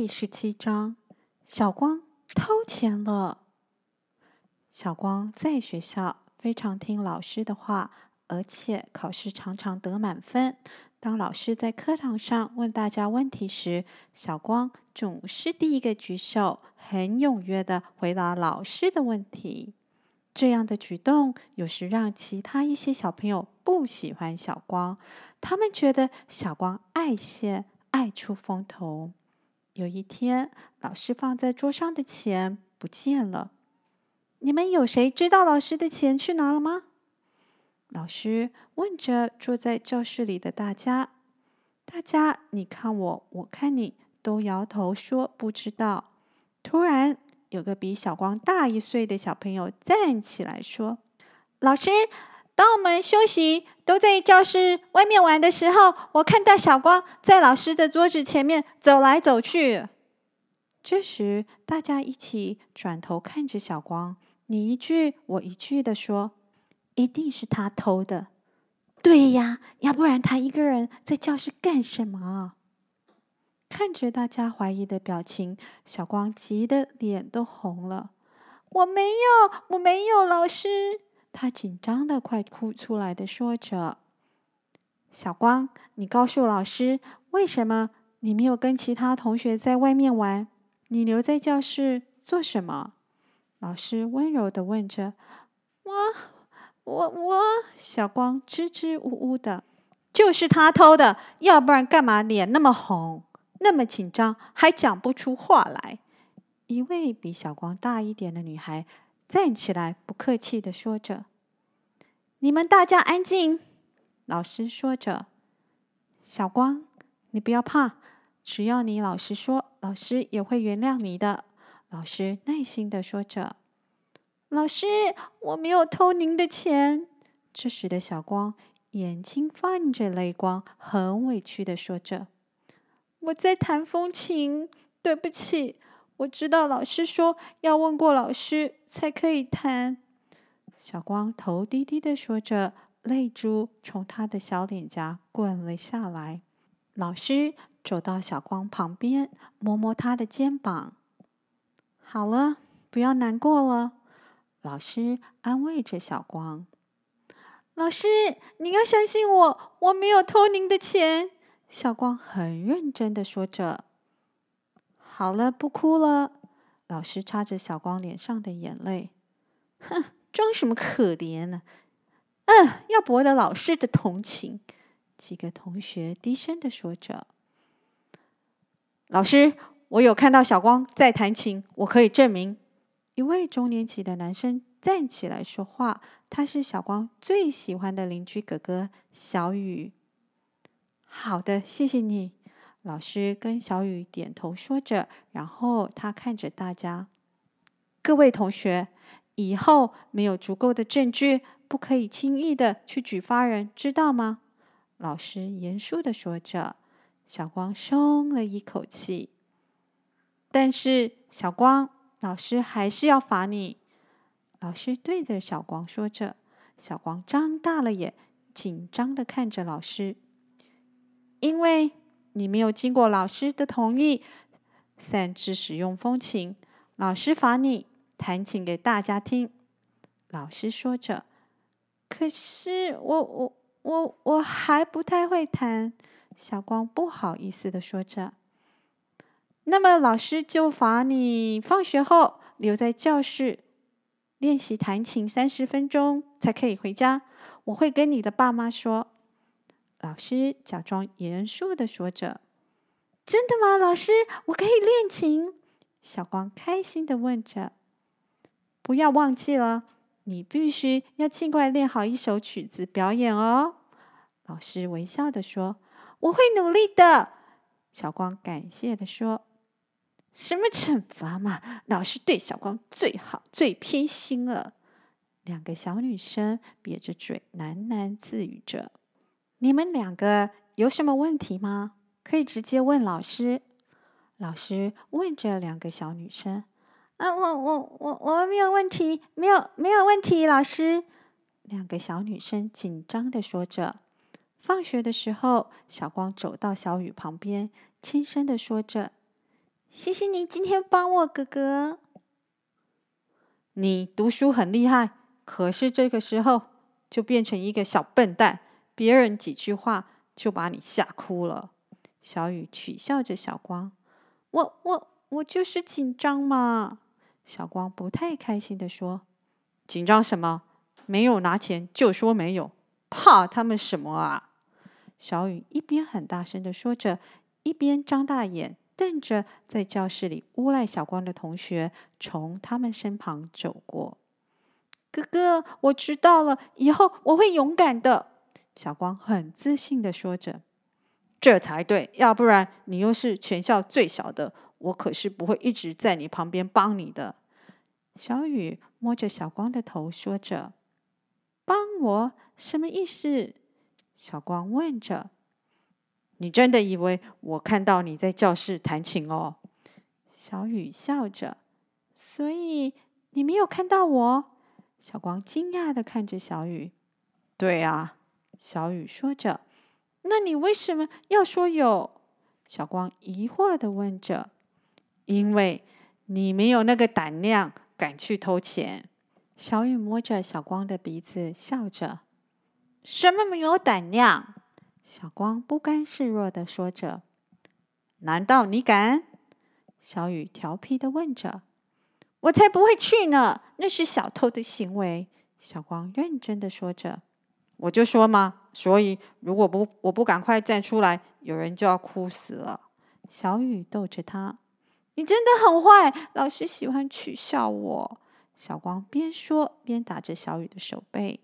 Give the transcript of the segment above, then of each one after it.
第十七章，小光偷錢了。小光在學校非常聽老師的話，而且考試常常得滿分。當老師在課堂上問大家問題時，小光總是第一個舉手，很踴躍的回答老師的問題。這樣的舉動有時讓其他一些小朋友不喜歡小光，他們覺得小光愛現、愛出風頭。有一天，老師放在桌上的錢不見了。你們有誰知道老師的錢去哪了嗎？老師問着坐在教室裡的大家。大家，你看我，我看你，都搖頭說不知道。突然，有個比小光大一歲的小朋友站起來說：“老師。”當我們休息都在教室外面玩的時候，我看到小光在老師的桌子前面走來走去。這時，大家一起轉頭看着小光，你一句我一句的說：“一定是他偷的。”“對呀，要不然他一個人在教室幹什麼？”看着大家懷疑的表情，小光急得臉都紅了：“我沒有，我沒有，老師。”他緊張的快哭出來的，說着：“小光，你告訴老師，為什麼你沒有跟其他同學在外面玩？你留在教室做什麼？”老師溫柔的問着。我……我……我……小光支支吾吾的：“就是他偷的，要不然幹嘛臉那麼紅，那麼緊張，還講不出話來？”一位比小光大一點的女孩。站起來，不客氣地說着：“你們大家安靜。”老師說着：“小光，你不要怕，只要你老實說，老師也會原諒你的。”老師耐心地說着：“老師，我沒有偷您的錢。”這時的小光眼睛泛着淚光，很委屈地說着：“我在彈風琴，對不起。”我知道老師說要問過老師才可以談。小光頭低低的說着，淚珠從他的小臉頰滾了下來。老師走到小光旁邊，摸摸他的肩膀：“好了，不要難過了。”老師安慰着小光。“老師，你要相信我，我沒有偷您的錢。”小光很認真的說着。好了，不哭了。老師擦着小光臉上的眼淚。哼，裝什麼可憐呢？嗯，要博得老師的同情。幾個同學低聲的說着：“老師，我有看到小光在彈琴，我可以證明。”一位中年級的男生站起來說話，他是小光最喜歡的鄰居哥哥小雨。好的，謝謝你。老師跟小雨點頭說着，然後他看着大家：“各位同學，以後沒有足夠的證據，不可以輕易的去舉發人，知道嗎？”老師嚴肅的說着。小光鬆了一口氣，但是小光，老師還是要罰你。老師對着小光說着，小光張大了眼，緊張的看着老師，因為，你沒有經過老師的同意，擅自使用風琴，老師罰你彈琴給大家聽。老師說着，可是我我我我還不太會彈。小光不好意思的說着。那麼老師就罰你放學後留在教室練習彈琴三十分鐘，才可以回家。我會跟你的爸媽說。老師假裝嚴肅的說着：“真的嗎？老師，我可以練琴？”小光開心的問着。“不要忘記了，你必須要儘快練好一首曲子表演哦。”老師微笑的說。“我會努力的。”小光感謝的說。“什麼懲罰嘛？老師對小光最好，最偏心了。”兩個小女生憋着嘴喃喃自語着。你們兩個有什麼問題嗎？可以直接問老師。老師問這兩個小女生：“啊，我我我我們沒有問題，沒有沒有問題。”老師，兩個小女生緊張的說着。放學的時候，小光走到小雨旁邊，輕聲的說着：“謝謝你今天幫我哥哥。你讀書很厲害，可是這個時候就變成一個小笨蛋。”別人幾句話就把你嚇哭了，小雨取笑着小光：“我我我就是緊張嘛。”小光不太開心的說：“緊張什麼？沒有拿錢就說沒有，怕他們什麼啊？”小雨一邊很大聲的說着，一邊張大眼瞪着在教室裡誣賴小光的同學，從他們身旁走過。“哥哥，我知道了，以後我會勇敢的。”小光很自信的說着：“這才對，要不然你又是全校最小的，我可是不會一直在你旁邊幫你的。”小雨摸着小光的頭說着：“幫我？什麼意思？”小光問着：“你真的以為我看到你在教室彈琴哦？”小雨笑着：“所以你沒有看到我？”小光驚訝的看着小雨：“對啊。”小雨說着：“那你為什麼要說有？”小光疑惑的問着。“因為你沒有那個膽量，敢去偷錢。”小雨摸着小光的鼻子，笑着。“什麼沒有膽量？”小光不甘示弱的說着。“難道你敢？”小雨調皮的問着。“我才不會去呢，那是小偷的行為。”小光認真的說着。我就說嘛，所以如果不我不趕快站出來，有人就要哭死了。小雨逗着他：“你真的很壞，老是喜歡取笑我。”小光邊說邊打着小雨的手背。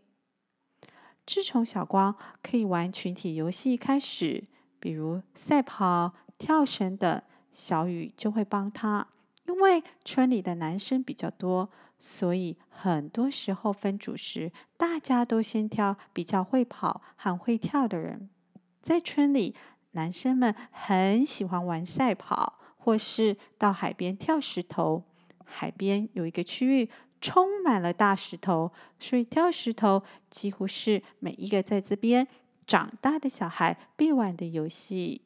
自從小光可以玩群體遊戲開始，比如賽跑、跳繩等，小雨就會幫他。因為村裡的男生比較多，所以很多時候分組時，大家都先挑比較會跑、很會跳的人。在村裡，男生們很喜歡玩賽跑，或是到海邊跳石頭。海邊有一個區域充滿了大石頭，所以跳石頭幾乎是每一個在這邊長大的小孩必玩的遊戲。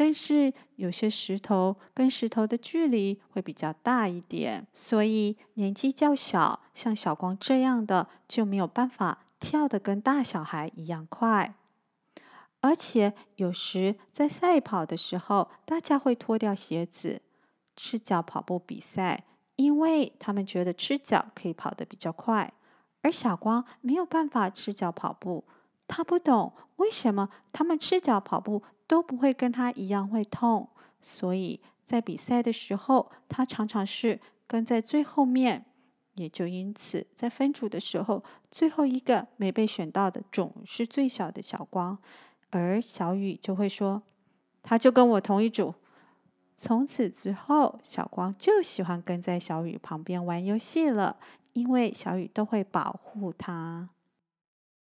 但是有些石頭跟石頭的距離會比較大一點，所以年紀較小，像小光這樣的就沒有辦法跳得跟大小孩一樣快。而且有時在賽跑的時候，大家會脫掉鞋子，赤腳跑步比賽，因為他們覺得赤腳可以跑得比較快。而小光沒有辦法赤腳跑步，她不懂為什麼他們赤腳跑步，都不會跟他一樣會痛，所以在比賽的時候，他常常是跟在最後面，也就因此在分組的時候，最後一個沒被選到的總是最小的小光，而小雨就會說，他就跟我同一組。從此之後，小光就喜歡跟在小雨旁邊玩遊戲了，因為小雨都會保護他。